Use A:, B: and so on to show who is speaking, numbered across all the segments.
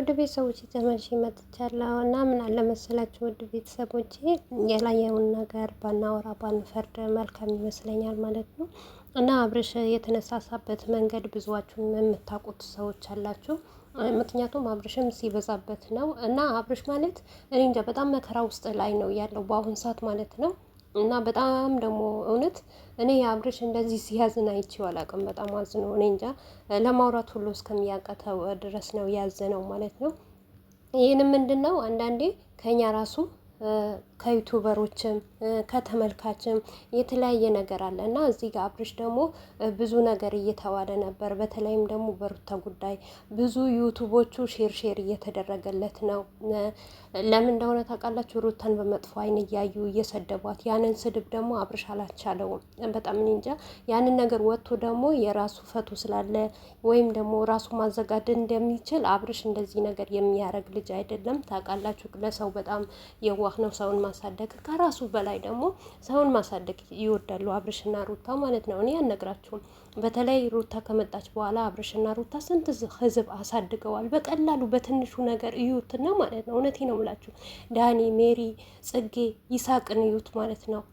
A: ወደ ቤተሰቦች ተመልሼ መጥቻለሁ እና ምን አለ መሰላችሁ ወደ ቤተሰቦች የላየውን ነገር ባናወራ ባንፈርድ መልካም ይመስለኛል ማለት ነው። እና አብርሽ የተነሳሳበት መንገድ ብዙዋችሁም የምታውቁት ሰዎች አላችሁ። ምክንያቱም አብርሽም ሲበዛበት ነው እና አብርሽ ማለት እኔ እንጃ በጣም መከራ ውስጥ ላይ ነው ያለው በአሁን ሰዓት ማለት ነው። እና በጣም ደግሞ እውነት እኔ አብርሽ እንደዚህ ሲያዝን አይቼው አላውቅም። በጣም አዝኖ እኔ እንጃ ለማውራት ሁሉ እስከሚያቀተው ድረስ ነው ያዘነው ማለት ነው። ይህንም ምንድን ነው አንዳንዴ ከኛ ራሱ ከዩቱበሮችም ከተመልካችም የተለያየ ነገር አለ እና እዚህ ጋር አብርሽ ደግሞ ብዙ ነገር እየተባለ ነበር። በተለይም ደግሞ በሩታ ጉዳይ ብዙ ዩቱቦቹ ሼር ሼር እየተደረገለት ነው። ለምን እንደሆነ ታውቃላችሁ? ሩታን በመጥፎ አይን እያዩ እየሰደቧት፣ ያንን ስድብ ደግሞ አብርሽ አላቻለውም። በጣም እንጃ ያንን ነገር ወጥቶ ደግሞ የራሱ ፈቱ ስላለ ወይም ደግሞ ራሱ ማዘጋደ እንደሚችል አብርሽ እንደዚህ ነገር የሚያደርግ ልጅ አይደለም። ታውቃላችሁ፣ ለሰው በጣም የዋ አላህ ነው ሰውን ማሳደግ ከራሱ በላይ ደግሞ ሰውን ማሳደግ ይወዳሉ አብርሽና ሩታ ማለት ነው። እኔ አልነግራችሁም። በተለይ ሩታ ከመጣች በኋላ አብርሽና ሩታ ስንት ህዝብ አሳድገዋል። በቀላሉ በትንሹ ነገር እዩትና ማለት ነው። እውነቴ ነው የምላችሁ ዳኒ፣ ሜሪ፣ ጽጌ፣ ይሳቅን እዩት ማለት ነው።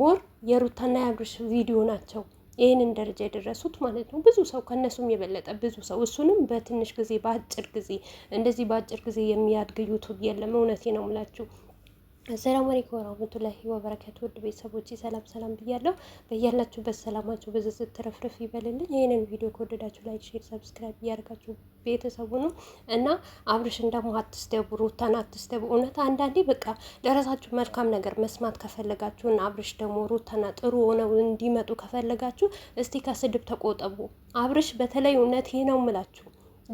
A: ሞር የሩታና የአብርሽ ቪዲዮ ናቸው ይህንን ደረጃ የደረሱት ማለት ነው። ብዙ ሰው ከነሱም የበለጠ ብዙ ሰው እሱንም በትንሽ ጊዜ በአጭር ጊዜ እንደዚህ በአጭር ጊዜ የሚያድግ ዩቱብ የለም። እውነቴ ነው ምላችሁ። አሰላሙ አለይኩም ወራህመቱላሂ ወበረካቱ። ውድ ቤተሰቦቼ ሰላም ሰላም ብያለሁ። በያላችሁበት ሰላማችሁ በዚህ ስትረፍርፍ ይበልልኝ። ይህንን ቪዲዮ ከወደዳችሁ ላይክ፣ ሼር፣ ሰብስክራይብ እያደረጋችሁ ቤተሰቡ ነው እና አብርሽን ደግሞ አትስደቡ፣ ሩታን አትስደቡ። እውነት አንዳንዴ በቃ ደረሳችሁ መልካም ነገር መስማት ከፈለጋችሁ እና አብርሽ ደግሞ ሩታና ጥሩ ሆነው እንዲመጡ ከፈለጋችሁ እስቲ ከስድብ ተቆጠቡ። አብርሽ በተለይ እውነት ይህ ነው የምላችሁ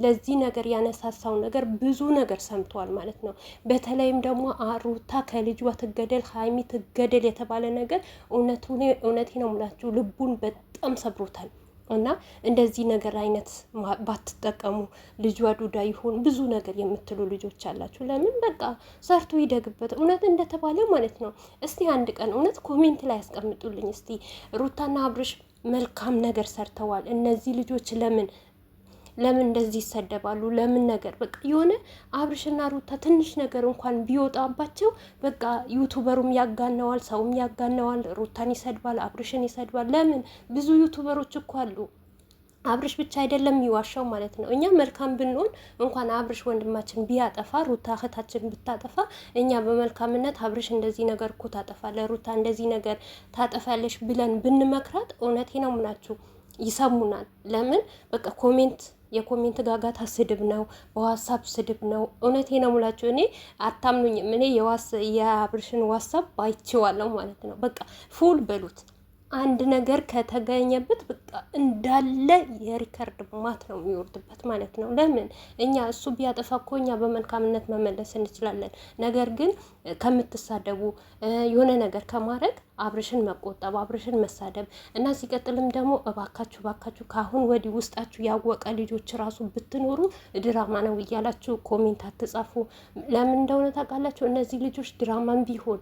A: ለዚህ ነገር ያነሳሳው ነገር ብዙ ነገር ሰምተዋል ማለት ነው። በተለይም ደግሞ አሩታ ከልጇ ትገደል፣ ሀይሚ ትገደል የተባለ ነገር እውነቴ ነው ሙላችሁ ልቡን በጣም ሰብሮታል። እና እንደዚህ ነገር አይነት ባትጠቀሙ ልጇ ዱዳ ይሆን ብዙ ነገር የምትሉ ልጆች አላችሁ። ለምን በቃ ሰርቶ ይደግበት እውነት እንደተባለ ማለት ነው። እስቲ አንድ ቀን እውነት ኮሜንት ላይ ያስቀምጡልኝ እስቲ ሩታና አብርሽ መልካም ነገር ሰርተዋል እነዚህ ልጆች ለምን ለምን እንደዚህ ይሰደባሉ? ለምን ነገር በቃ የሆነ አብርሽና ሩታ ትንሽ ነገር እንኳን ቢወጣባቸው በቃ ዩቱበሩም ያጋነዋል፣ ሰውም ያጋነዋል፣ ሩታን ይሰድባል፣ አብርሽን ይሰድባል። ለምን ብዙ ዩቱበሮች እኮ አሉ አብርሽ ብቻ አይደለም የሚዋሻው ማለት ነው። እኛ መልካም ብንሆን እንኳን አብርሽ ወንድማችን ቢያጠፋ ሩታ እህታችን ብታጠፋ እኛ በመልካምነት አብርሽ እንደዚህ ነገር እኮ ታጠፋለ፣ ሩታ እንደዚህ ነገር ታጠፋለሽ ብለን ብንመክራት እውነቴ ነው ምናችሁ ይሰሙናል። ለምን በቃ ኮሜንት የኮሜንት ጋጋታ ስድብ ነው፣ በዋትሳፕ ስድብ ነው። እውነቴ ነው ሙላቸው። እኔ አታምኑኝም። እኔ የአብርሽን ዋትሳፕ አይቼዋለሁ ማለት ነው። በቃ ፉል በሉት አንድ ነገር ከተገኘበት በቃ እንዳለ የሪከርድ ማት ነው የሚወርድበት ማለት ነው። ለምን እኛ እሱ ቢያጠፋ እኮ እኛ በመልካምነት መመለስ እንችላለን። ነገር ግን ከምትሳደቡ የሆነ ነገር ከማድረግ አብርሽን መቆጠብ፣ አብርሽን መሳደብ እና ሲቀጥልም ደግሞ እባካችሁ እባካችሁ ከአሁን ወዲህ ውስጣችሁ ያወቀ ልጆች ራሱ ብትኖሩ ድራማ ነው እያላችሁ ኮሜንት አትጻፉ። ለምን እንደሆነ ታውቃላችሁ? እነዚህ ልጆች ድራማም ቢሆን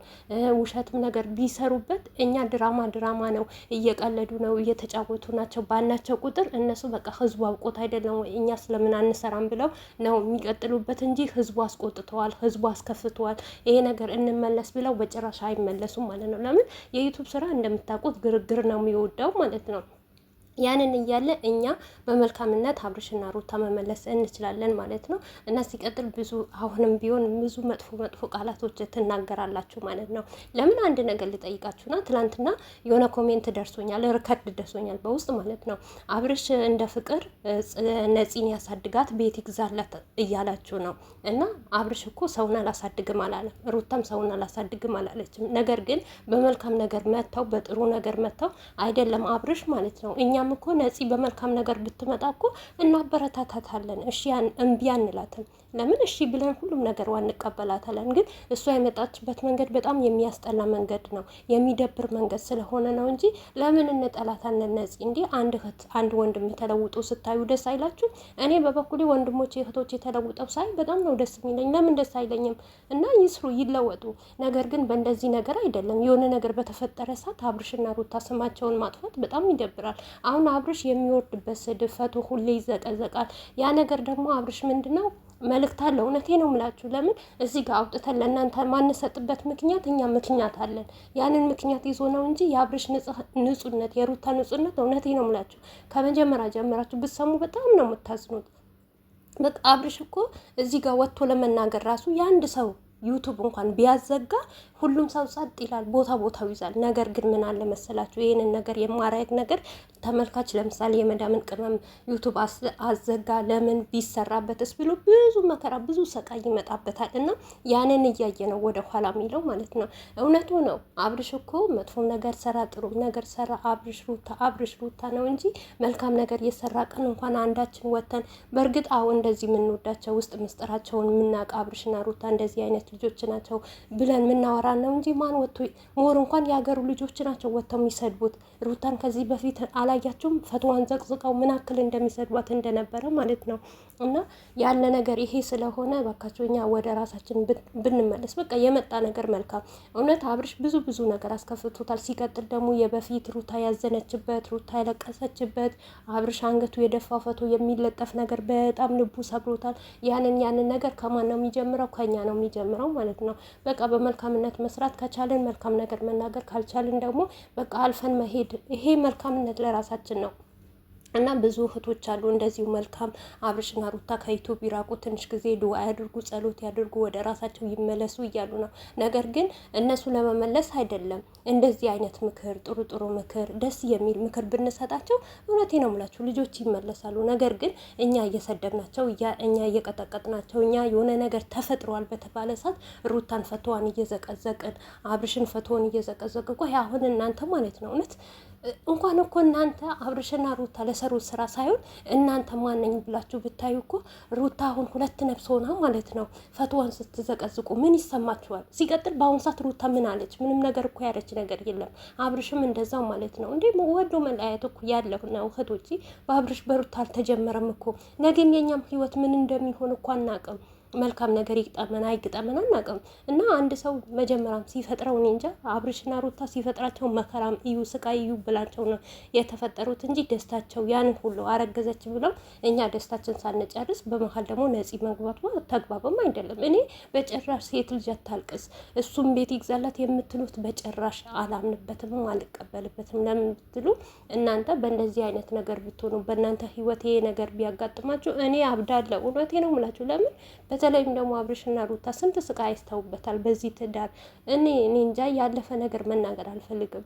A: ውሸትም ነገር ቢሰሩበት እኛ ድራማ ድራማ ነው፣ እየቀለዱ ነው፣ እየተጫወቱ ናቸው ባልናቸው ቁጥር እነሱ በቃ ህዝቡ አውቆት አይደለም ወይ እኛ ስለምን አንሰራም ብለው ነው የሚቀጥሉበት እንጂ ህዝቡ አስቆጥተዋል፣ ህዝቡ አስከፍተዋል፣ ይሄ ነገር እንመለስ ብለው በጭራሽ አይመለሱም ማለት ነው። ለምን የዩቱብ ስራ እንደምታውቁት ግርግር ነው የሚወደው ማለት ነው። ያንን እያለ እኛ በመልካምነት አብርሽና ሩታ መመለስ እንችላለን ማለት ነው። እና ሲቀጥል ብዙ አሁንም ቢሆን ብዙ መጥፎ መጥፎ ቃላቶች ትናገራላችሁ ማለት ነው። ለምን አንድ ነገር ልጠይቃችሁና ትላንትና የሆነ ኮሜንት ደርሶኛል፣ ሪከርድ ደርሶኛል በውስጥ ማለት ነው። አብርሽ እንደ ፍቅር ነፂን ያሳድጋት ቤት ይግዛላት እያላችሁ ነው። እና አብርሽ እኮ ሰውን አላሳድግም አላለም፣ ሩታም ሰውን አላሳድግም አላለችም። ነገር ግን በመልካም ነገር መጥተው በጥሩ ነገር መጥተው አይደለም አብርሽ ማለት ነው እኛ እኛም እኮ ነፂ በመልካም ነገር ብትመጣ እኮ እናበረታታታለን። እሺ እምቢ አንላትም። ለምን እሺ ብለን ሁሉም ነገር እንቀበላታለን። ግን እሷ የመጣችበት መንገድ በጣም የሚያስጠላ መንገድ ነው፣ የሚደብር መንገድ ስለሆነ ነው እንጂ ለምን እንጠላታለን? ነፂ እንዲ አንድ እህት አንድ ወንድም ተለውጦ ስታዩ ደስ አይላችሁ? እኔ በበኩሌ ወንድሞቼ እህቶቼ ተለውጠው ሳይ በጣም ነው ደስ የሚለኝ። ለምን ደስ አይለኝም? እና ይስሩ፣ ይለወጡ። ነገር ግን በእንደዚህ ነገር አይደለም። የሆነ ነገር በተፈጠረ ሰዓት አብርሽና ሩታ ስማቸውን ማጥፋት በጣም ይደብራል። አሁን አብርሽ የሚወርድበት ስድብ ፈቶ ሁሌ ይዘቀዘቃል። ያ ነገር ደግሞ አብርሽ ምንድን ነው መልእክት አለ። እውነቴ ነው ምላችሁ። ለምን እዚህ ጋር አውጥተን ለእናንተ ማንሰጥበት ምክንያት እኛ ምክንያት አለን። ያንን ምክንያት ይዞ ነው እንጂ የአብርሽ ንጹነት የሩታ ንጹነት እውነቴ ነው ምላችሁ። ከመጀመሪያ ጀምራችሁ ብትሰሙ በጣም ነው የምታዝኑት። በቃ አብርሽ እኮ እዚህ ጋር ወጥቶ ለመናገር ራሱ የአንድ ሰው ዩቱብ እንኳን ቢያዘጋ ሁሉም ሰው ጸጥ ይላል፣ ቦታ ቦታው ይዛል። ነገር ግን ምን አለ መሰላችሁ ይህንን ነገር የማራየት ነገር ተመልካች ለምሳሌ የመዳምን ቅመም ዩቱብ አዘጋ ለምን ቢሰራበትስ ብሎ ብዙ መከራ ብዙ ሰቃይ ይመጣበታል። እና ያንን እያየ ነው ወደ ኋላ የሚለው ማለት ነው። እውነቱ ነው። አብርሽ እኮ መጥፎም ነገር ሰራ፣ ጥሩም ነገር ሰራ፣ አብርሽ ሩታ አብርሽ ሩታ ነው እንጂ መልካም ነገር የሰራ ቀን እንኳን አንዳችን ወተን በእርግጥ አሁ እንደዚህ የምንወዳቸው ውስጥ ምስጢራቸውን የምናውቅ አብርሽና ሩታ እንደዚህ አይነት ልጆች ናቸው ብለን የምናወራ ነው እንጂ ማን ወጥቶ ሞር እንኳን የሀገሩ ልጆች ናቸው ወጥተው የሚሰድቡት። ሩታን ከዚህ በፊት አላያችሁም? ፈትዋን ዘቅዝቀው ምን አክል እንደሚሰድቧት እንደነበረ ማለት ነው። እና ያለ ነገር ይሄ ስለሆነ በካቸው እኛ ወደ ራሳችን ብንመለስ በቃ የመጣ ነገር መልካም። እውነት አብርሽ ብዙ ብዙ ነገር አስከፍቶታል። ሲቀጥል ደግሞ የበፊት ሩታ ያዘነችበት፣ ሩታ ያለቀሰችበት፣ አብርሽ አንገቱ የደፋ ፈቶ የሚለጠፍ ነገር በጣም ልቡ ሰብሮታል። ያንን ያንን ነገር ከማን ነው የሚጀምረው? ከኛ ነው የሚጀምረው የምንጀምረው ማለት ነው። በቃ በመልካምነት መስራት ከቻልን መልካም ነገር መናገር፣ ካልቻልን ደግሞ በቃ አልፈን መሄድ። ይሄ መልካምነት ለራሳችን ነው። እና ብዙ እህቶች አሉ እንደዚሁ መልካም አብርሽና ሩታ ከዩቱብ ይራቁ፣ ትንሽ ጊዜ ዱዓ ያድርጉ፣ ጸሎት ያድርጉ፣ ወደ ራሳቸው ይመለሱ እያሉ ነው። ነገር ግን እነሱ ለመመለስ አይደለም እንደዚህ አይነት ምክር፣ ጥሩ ጥሩ ምክር፣ ደስ የሚል ምክር ብንሰጣቸው እውነቴ ነው የምላችሁ ልጆች ይመለሳሉ። ነገር ግን እኛ እየሰደብናቸው፣ እኛ እየቀጠቀጥናቸው፣ እኛ የሆነ ነገር ተፈጥሯል በተባለ ሰዓት ሩታን ፈቶዋን እየዘቀዘቅን አብርሽን ፈቶዋን እየዘቀዘቅ እኮ አሁን እናንተ ማለት ነው እውነት እንኳን እኮ እናንተ አብርሽና ሩታ ለሰሩት ስራ ሳይሆን እናንተ ማነኝ ብላችሁ ብታዩ እኮ ሩታ አሁን ሁለት ነፍስ ሆና ማለት ነው ፈትዋን ስትዘቀዝቁ ምን ይሰማችኋል? ሲቀጥል በአሁኑ ሰዓት ሩታ ምን አለች? ምንም ነገር እኮ ያለች ነገር የለም። አብርሽም እንደዛው ማለት ነው። እንዲ ወዶ መለያየት እኮ ያለ ነው በአብርሽ በሩታ አልተጀመረም እኮ ነገም የኛም ህይወት ምን እንደሚሆን እኮ አናቅም። መልካም ነገር ይግጠመን አይግጠመን አናውቅም። እና አንድ ሰው መጀመሪያም ሲፈጥረው እኔ እንጃ አብርሽና ሩታ ሲፈጥራቸው መከራም እዩ ስቃይ እዩ ብላቸው ነው የተፈጠሩት እንጂ ደስታቸው ያን ሁሉ አረገዘች ብለው እኛ ደስታችን ሳንጨርስ በመሀል ደግሞ ነፂ መግባቱ ተግባብም አይደለም። እኔ በጭራሽ ሴት ልጅ አታልቅስ እሱም ቤት ይግዛላት የምትሉት በጭራሽ አላምንበትም፣ አልቀበልበትም። ለምን ብትሉ እናንተ በእንደዚህ አይነት ነገር ብትሆኑ በእናንተ ህይወት ይሄ ነገር ቢያጋጥማችሁ እኔ አብዳለሁ። እውነቴ ነው የምላችሁ ለምን በተለይም ደግሞ አብርሽና ሩታ ስንት ስቃይ አይስተውበታል በዚህ ትዳር። እኔ እኔ እንጃ ያለፈ ነገር መናገር አልፈልግም፣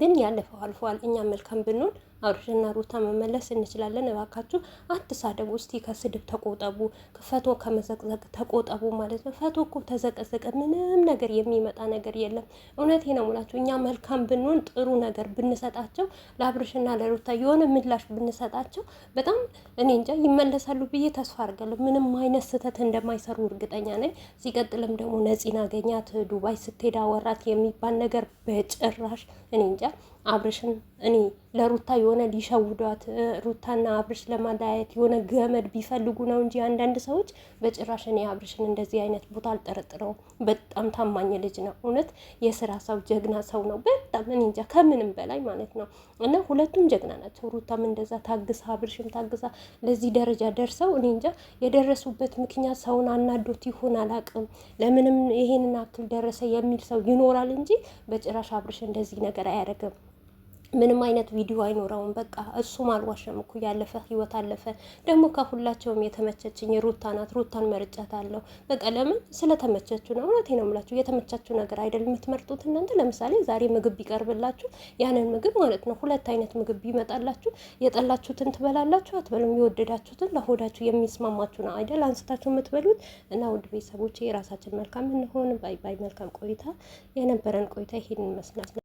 A: ግን ያለፈው አልፈዋል። እኛ መልካም ብንሆን አብርሽና ሩታ መመለስ እንችላለን። እባካችሁ አትሳደቡ። እስቲ ከስድብ ተቆጠቡ፣ ፈቶ ከመዘቅዘቅ ተቆጠቡ ማለት ነው። ፈቶ እኮ ተዘቀዘቀ ምንም ነገር የሚመጣ ነገር የለም። እውነቴ ነው ሙላችሁ። እኛ መልካም ብንሆን ጥሩ ነገር ብንሰጣቸው፣ ለአብርሽና ለሩታ የሆነ ምላሽ ብንሰጣቸው በጣም እኔ እንጃ ይመለሳሉ ብዬ ተስፋ አድርጋለሁ። ምንም አይነት ስህተት እንደማይሰሩ እርግጠኛ ነኝ። ሲቀጥልም ደግሞ ነፂን አገኛት ዱባይ ስትሄዳ ወራት የሚባል ነገር በጭራሽ እኔ እንጃ። አብርሽን እኔ ለሩታ የሆነ ሊሸውዷት ሩታና አብርሽ ለማለያየት የሆነ ገመድ ቢፈልጉ ነው እንጂ አንዳንድ ሰዎች በጭራሽ እኔ አብርሽን እንደዚህ አይነት ቦታ አልጠረጥረውም። በጣም ታማኝ ልጅ ነው። እውነት የስራ ሰው ጀግና ሰው ነው። በጣም እኔ እንጃ ከምንም በላይ ማለት ነው። እና ሁለቱም ጀግና ናቸው። ሩታም እንደዛ ታግሳ፣ አብርሽም ታግሳ ለዚህ ደረጃ ደርሰው እኔ እንጃ የደረሱበት ምክንያት ሰውን አናዶት ይሆን አላቅም። ለምንም ይሄንን አክል ደረሰ የሚል ሰው ይኖራል እንጂ በጭራሽ አብርሽ እንደዚህ ነገር አያደርግም። ምንም አይነት ቪዲዮ አይኖረውም። በቃ እሱም አልዋሸም እኮ ያለፈ ህይወት አለፈ። ደግሞ ከሁላቸውም የተመቸችኝ ሩታ ናት። ሩታን አለው። በቃ ለምን ስለተመቸችሁ ነው። እውነቴ ነው ምላችሁ፣ የተመቻችሁ ነገር አይደል የምትመርጡት እናንተ። ለምሳሌ ዛሬ ምግብ ቢቀርብላችሁ ያንን ምግብ ማለት ነው ሁለት አይነት ምግብ ቢመጣላችሁ የጠላችሁትን ትበላላችሁ፣ አትበሉም። የወደዳችሁትን ለሆዳችሁ የሚስማማችሁ ነው አይደል አንስታችሁ የምትበሉት። እና ውድ ቤተሰቦች የራሳችን መልካም እንሆን። ባይ ባይ። መልካም ቆይታ። የነበረን ቆይታ ይሄን ይመስላል።